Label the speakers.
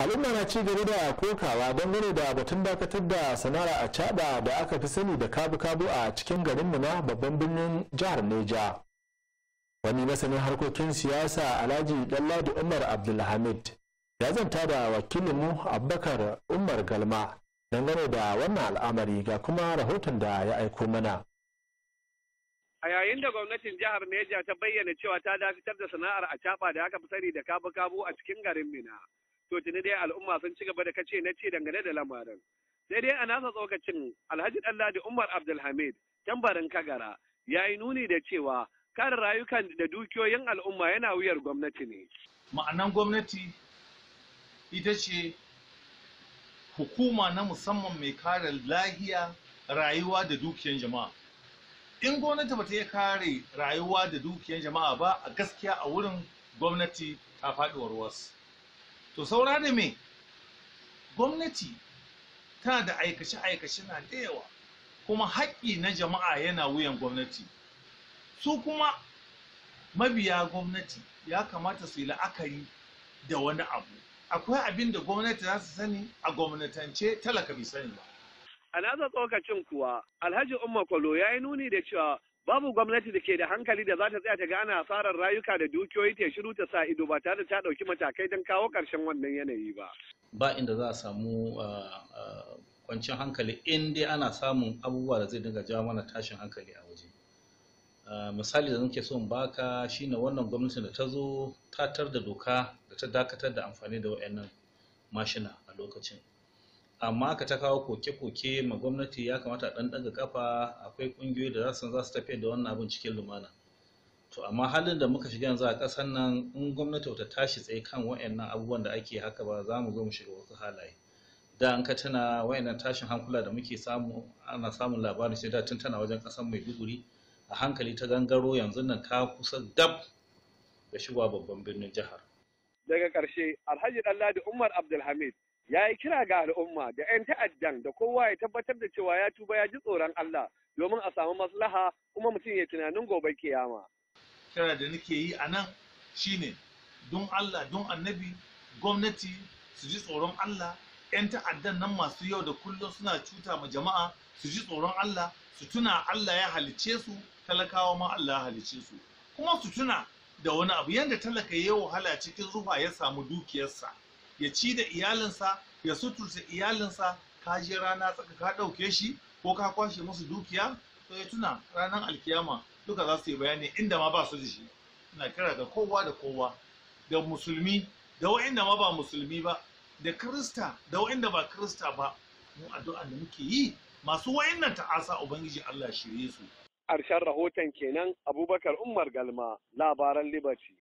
Speaker 1: al'umma na ci gaba da kokawa dangane da batun dakatar da sanara a caɓa da aka fi sani da kabu-kabu a cikin garinmu na babban birnin jihar neja wani masanin harkokin siyasa alhaji dalladu umar abdulhamid ya zanta da wakilinmu abubakar umar galma dangane da wannan al'amari ga kuma rahoton da ya aiko mana
Speaker 2: a yayin da gwamnatin jihar neja ta bayyana cewa ta dakatar da sana'ar a da aka fi sani da kabu-kabu a cikin garin mina to tuni dai al'umma sun ci gaba da kace na ce dangane da lamarin sai dai a nasa tsokacin alhaji ɗanladi umar abdulhamid tambarin kagara ya yi nuni da cewa kare rayukan da dukiyoyin al'umma yana wuyar gwamnati ne ma'anan gwamnati
Speaker 3: ita ce hukuma na musamman mai kare lahiya rayuwa da dukiyan jama'a in gwamnati ba ta yi kare rayuwa da dukiyan jama'a ba a gaskiya a wurin gwamnati ta faɗi warwarsu to saura da me gwamnati tana da aikace-aikace na da yawa kuma haƙƙi na jama'a yana wuyan gwamnati su kuma mabiya gwamnati ya kamata su yi la'akari da wani abu akwai abin
Speaker 2: da gwamnati za su sani a gwamnatance talaka bai sani ba a nasa tsokacin kuwa alhaji umar kwalo ya yi nuni da cewa babu gwamnati da ke da hankali da za ta tsaya ta gane asarar rayuka da dukiyoyi ta shiru ta sa ido ba tare da ta ɗauki matakai don kawo ƙarshen wannan yanayi ba.
Speaker 4: Ba inda za a samu ah, ah, kwanciyar hankali in dai ana samun abubuwa da zai dinga jawo mana tashin hankali a waje. Ah, misali da nake son baka shine wannan gwamnatin da ta zo tatar da doka da ta dakatar da amfani da wayannan mashina a lokacin. amma ka ta kawo koke-koke ma gwamnati ya kamata a ɗan kafa akwai ƙungiyoyi da za za su tafi da wannan abin cikin lumana to amma halin da muka shiga yanzu a ƙasar nan in gwamnati ta tashi tsaye kan wayannan abubuwan da ake haka ba za mu zo mu shiga wasu halaye da an ka tana wa'annan tashin hankula da muke samu ana samun labarin sai da tun tana wajen ƙasar maiduguri a hankali ta gangaro yanzu nan ta kusa dab da shigowa babban birnin jihar
Speaker 2: daga ƙarshe alhaji dalladi umar abdulhamid ya yi kira ga al'umma da 'yan ta'addan da kowa ya tabbatar da cewa ya tuba ya ji tsoron Allah domin a samu maslaha kuma mutum ya tunanin gobe kiyama.
Speaker 1: Kira da
Speaker 3: nake yi a nan shine don Allah don annabi gwamnati su ji tsoron Allah 'yan ta'addan nan masu yau da kullum suna cuta ma jama'a su ji tsoron Allah su tuna Allah ya halice su talakawa ma Allah ya halice su kuma su tuna da wani abu yadda talaka ya wahala cikin zufa ya samu dukiyarsa. ya ci da iyalinsa ya suturta iyalinsa ka je rana tsaka ka ɗauke shi ko ka kwashe musu dukiya to ya tuna ranar alkiyama duka za su yi bayani inda ma ba su da shi ina kira ga kowa da kowa da musulmi da wa'inda ma ba musulmi ba da krista da wa'inda ba krista ba mu addu'a da muke yi masu wa'innan
Speaker 2: ta'asa ubangiji
Speaker 3: Allah shirye su
Speaker 2: ƙarshen rahoton kenan abubakar umar galma labaran liberty